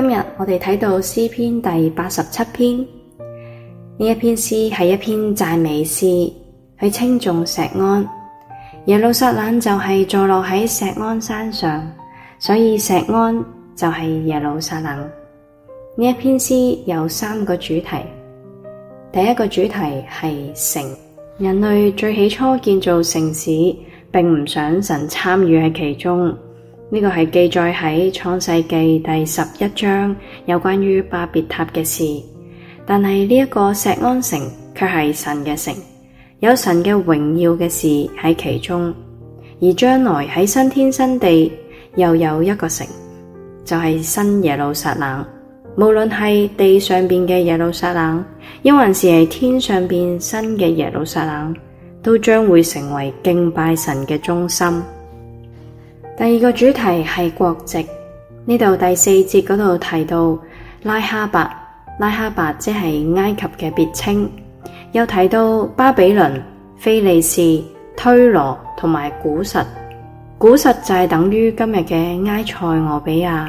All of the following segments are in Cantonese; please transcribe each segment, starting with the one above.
今日我哋睇到詩篇第八十七篇，呢一篇詩係一篇讚美詩，佢稱頌錫安耶路撒冷，就係坐落喺錫安山上，所以錫安就係耶路撒冷。呢一篇詩有三個主題，第一個主題係城，人類最起初建造城市，並唔想神參與喺其中。呢個係記載喺《創世記》第十一章有關於巴別塔嘅事，但係呢一個錫安城卻係神嘅城，有神嘅榮耀嘅事喺其中。而將來喺新天新地又有一個城，就係、是、新耶路撒冷。無論係地上面嘅耶路撒冷，亦還是係天上邊新嘅耶路撒冷，都將會成為敬拜神嘅中心。第二個主題係國籍，呢度第四節嗰度提到拉哈伯，拉哈伯即係埃及嘅別稱，又提到巴比倫、非利士、推羅同埋古實，古實就係等於今日嘅埃塞俄比亞，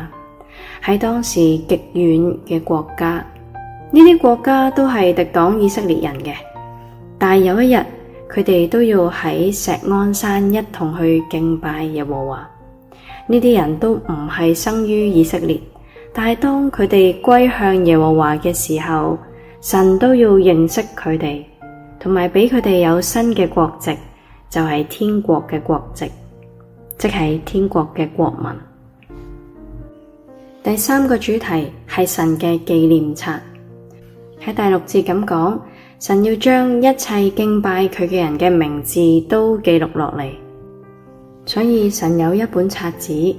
喺當時極遠嘅國家，呢啲國家都係敵擋以色列人嘅，但有一日佢哋都要喺錫安山一同去敬拜耶和華。呢啲人都唔係生於以色列，但係當佢哋歸向耶和華嘅時候，神都要認識佢哋，同埋俾佢哋有新嘅國籍，就係天國嘅國籍，即係天國嘅國民。第三個主題係神嘅紀念冊，喺第六節咁講，神要將一切敬拜佢嘅人嘅名字都記錄落嚟。所以神有一本冊子，記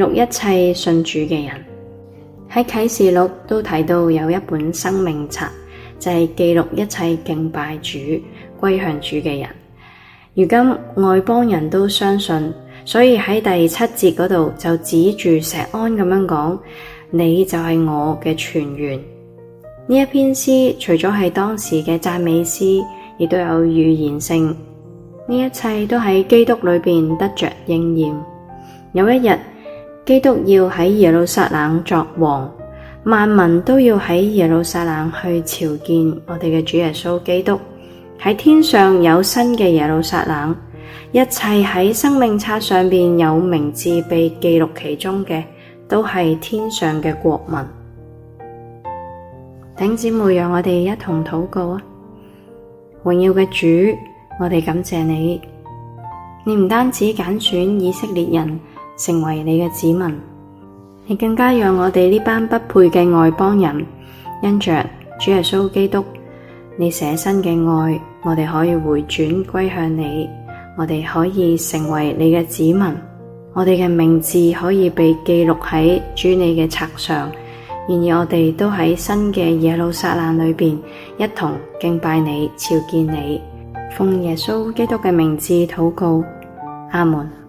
錄一切信主嘅人，喺啟示錄都提到有一本生命冊，就係、是、記錄一切敬拜主、歸向主嘅人。如今外邦人都相信，所以喺第七節嗰度就指住錫安咁樣講，你就係我嘅泉源。呢一篇詩除咗係當時嘅讚美詩，亦都有預言性。呢一切都喺基督裏面得着應驗。有一日，基督要喺耶路撒冷作王，萬民都要喺耶路撒冷去朝見我哋嘅主耶穌基督。喺天上有新嘅耶路撒冷，一切喺生命冊上面有名字被記錄其中嘅，都係天上嘅國民。頂姊妹，讓我哋一同禱告啊！榮耀嘅主。我哋感謝你，你唔單止揀選以色列人成為你嘅子民，你更加讓我哋呢班不配嘅外邦人，因着主耶穌基督你捨身嘅愛，我哋可以回轉歸向你，我哋可以成為你嘅子民，我哋嘅名字可以被記錄喺主你嘅冊上。然而，我哋都喺新嘅耶路撒冷裏邊一同敬拜你，朝見你。奉耶穌基督嘅名字禱告，阿門。